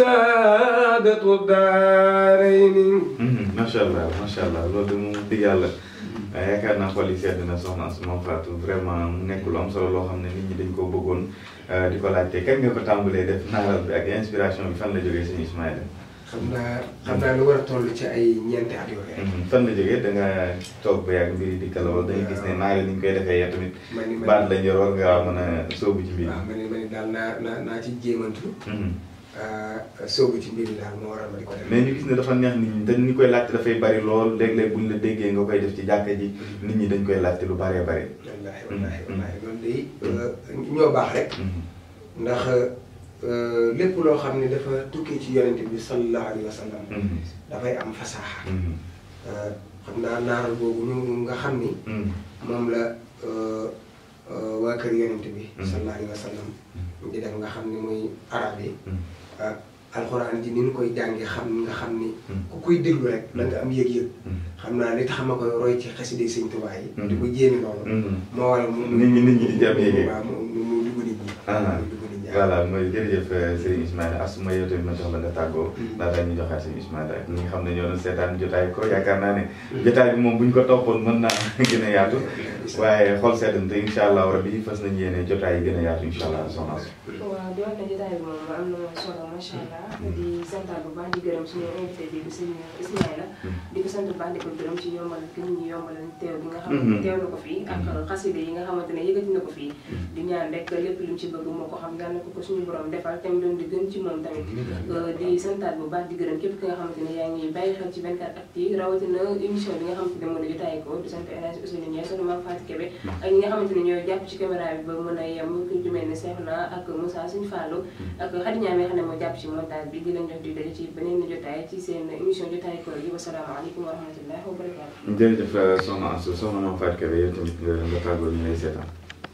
saadatu daarayni mm-hmm. macha allah macha allah loolu de moom dëgg yàlla ah, yaakaar naa xol yi sedd na soxna Asma Fatou vraiment mu nekk am solo loo xam ne nit ñi dañ ko bëggoon ah, di ko laajte kañ ko tàmbalee def naaral bi ak inspiration bi fan la jógee sëñ Ismaïla xam xam naa lu war a toll ci ay ñeent at yooyu. Mm-hmm. fan la jógee da nga toog ba yàgg mbiri di kala wala da gis ne naa ni koy defee yow tamit. baat lañ yor war ngaa mën a sóobu naa naa naa Euh, soobu ci mbir yi daal moo waral ma di ko def. mais ñu gis ne dafa neex nit ñi te ñu koy laajte dafay bari lool léeg-léeg buñ la déggee nga koy def ci jàkka ji mm-hmm. nit ñi dañ koy laajte lu baree bari. wallaahi mm-hmm. wallaahi wallaahi mm-hmm. loolu day euh, ñoo baax rek. ndax euh, lépp loo xam ne dafa tukkee ci yonent bi sallallahu alayhi wa sallam. dafay am fasaaxa. xam naa naaral boobu ñu nga xam ni. moom la waa kër yonent bi. sallallahu alayhi wa di def nga xam ne muy arab yi hmm. euh, alxuraan ji ni ñu koy jàngee xam nga xam ni hmm. ku koy déglu rek la am yëg hmm. xam naa li tax ma koy roy ci xaside sëñ Tuubaa yi di ko jéemi loolu moo waral mu nit ñi nit ñi di am yëg-yëg waaw mu dugg nit ñi ah. dugg nit ñi voilà mooy jërëjëf euh, Serigne Ismaïla as ma yow ma jox la nga tàggoo daa daa ñu joxaat Serigne Ismaïla ak ñi nga xam ko yaakaar naa ne jotaay bi moom bu ñu ko toppoon mën naa waaye xol seetlu na te incha allah rabi fas nañu yéene jotaay yi gën a yaatu incha allah soxna si. waaw doon na jotaay bi moom am na solo macha allah. Mm-hmm. di sant bu baax di gërëm suñu invité bi di suñu Ismaïla. Mm-hmm. di ko ci yombal gi ñu mm-hmm. yi nga xamante ne yëkkati na ko fii. di ñaan rek lépp lu mu ci jàppale ak ñi nga xamante ne ñooy jàpp ci caméra ba mën a yem ku ci mel ne Seexna ak Moussa Sëñ Fallou ak Khady Niamé xam ne jàpp ci montage bi di leen jox di daje ci beneen jotaay ci seen émission jotaay koor yi wasalaamaaleykum wa rahmatullahi wa barakaatu jërëjëf soxna nga tàggoo ñu lay seetaan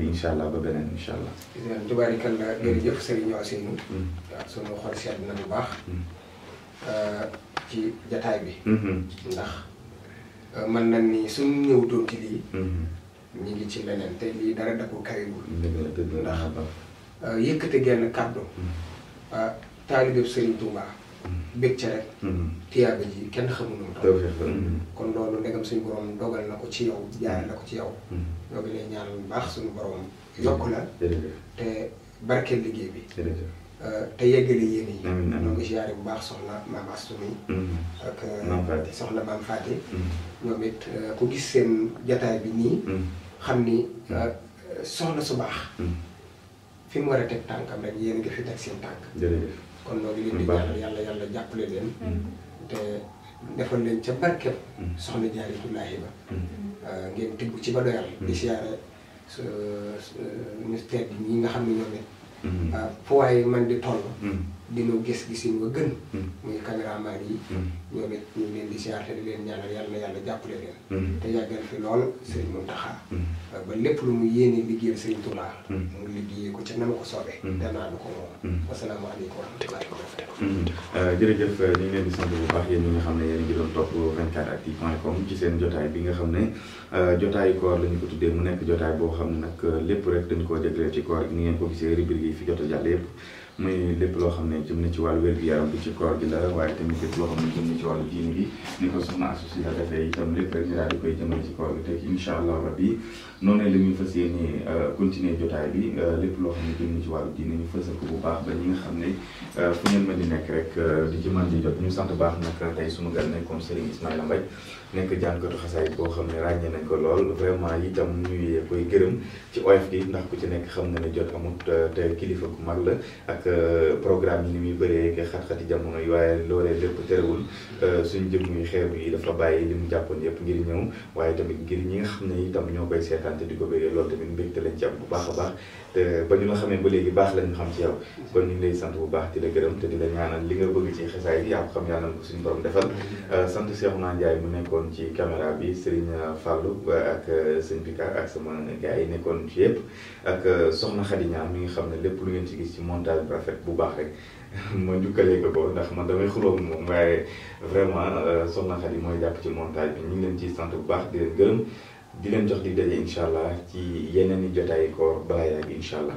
incha allah ba beneen incha allah. tubaarikalla mm. jërëjëf Serigne Ousseynou. Mm. waaw sunu xol sedd na bu baax. Mm. Euh, ci jataay bi. Mm-hmm. ndax euh, man nañ ni suñ ñëwutoon ci lii. Mm-hmm. ñu ngi ci leneen te lii dara da ko kariwul. ndax euh, yëkkate genn kàddu. taalibeeb Serigne Touba. bég ca rek. Mm-hmm. tiyaaba ji kenn xamul moom. Mm-hmm. kon loolu ndegam suñu borom dogal na ko ci yow jaay na ko ci yaw mm-hmm. ñoo ngi lay ñaan bu baax suñu borom yokk la. te barkeel liggéey bi. Euh, te yeggale yéen yi. ñoo ngi ziare bu baax soxna maam Astou ak euh, soxna maam Faati. ñoom it euh, ku gis seen jataay bi nii. xam ni soxna su baax. fi mu war a teg tànkam rek yéen a ngi fi seen tànk. kon noo ngi leen di ñaanal yàlla yàlla jàppale leen mm-hmm. te defal leen ca barkeb mm-hmm. soxna jaaritulaahi ba mm-hmm. euh, ngeen tibb ci ba doyal di siyaare ministère bi ñi nga xam ne ñoo ne euh, fu man di toll dinu gis gisin wa gën. Hmm. muy caméraman yi. Hmm. ñoom it ñu leen di siyaar te di leen ñaanal yàlla yàlla jàppale leen. Hmm. te yàggal fi lool sëriñ Mountakha. ba lépp lu mu yéene liggéeyal sëriñ Touba. mu liggéeyee ko ca na ma ko soobee. danaa lu ko moom. wasalaamaaleykum wa rahmatulah. Euh, jërëjëf euh, ñu ngi leen di sant bu baax yéen nga xam ne yéen a ngi doon topp 24 point com ci seen jotaay bi nga xam ne euh, jotaayu koor la ñu ko tuddee mu nekk jotaay boo xam ne nag lépp rek dañu koo jagleel ci koor gi ni ngeen ko gisee rubrique fi jot a jàll muy lépp loo xam ne jëm na ci wàllu wér-gu-yaram bi ci koor gi la waaye tamit lépp loo xam ne jëm na ni ko soxna associé la defee itam lépp rek ñu ci koor gi te incha allah rabbi noonu la ñuy fas yéene euh, continuer jotaay bi euh, lépp loo xam ne jëm na ci wàllu bu baax ba ñi nga xam euh, di nekk rek di jëman di jot ñu sant baax nag tey sunu gan nekkoon Serigne Ismaïla Mbaye nekk jànkatu xasaay boo xam ne ràññee nañ ko lool vraiment itam ñuy koy gërëm ci oyof gi ndax ku ci nekk xam nga ne jot amut te kilifa ku mag la Euh, programme yi ni muy bëree nga xat-xati jamono yi waaye loolee lépp terewul euh, suñ jëmm yu xeebu yi dafa bàyyi li mu jàppoon yëpp ngir ñëw waaye tamit ngir ñi nga xam ne itam ñoo koy seetaan di ko bëree loolu tamit mbégte lañ ci am bu a baax te ba ñu la xamee ba léegi baax lañu xam ci kon ñu ngi lay sant bu baax di la gërëm te di la li nga bëgg ci xesaay bi yaa ko xam yàlla ko suñu borom defal euh, sant Cheikhouna Ndiaye mu nekkoon ci caméra bi Serigne Fallou ak sëñ Bika ak sama gars yi nekkoon ci yëpp ak soxna mi nga xam ne lépp lu ngeen ci gis ci montage rafet bu baax rek ma njukkalee ko ko ndax man damay xulóom moom waaye vraiment euh, soxna Khady mooy jàpp ci montage bi ñu leen ci sant bu baax di leen gërëm di leen jox di daje incha allah ci yeneen yi jotaay koor balaa yàgg incha allah.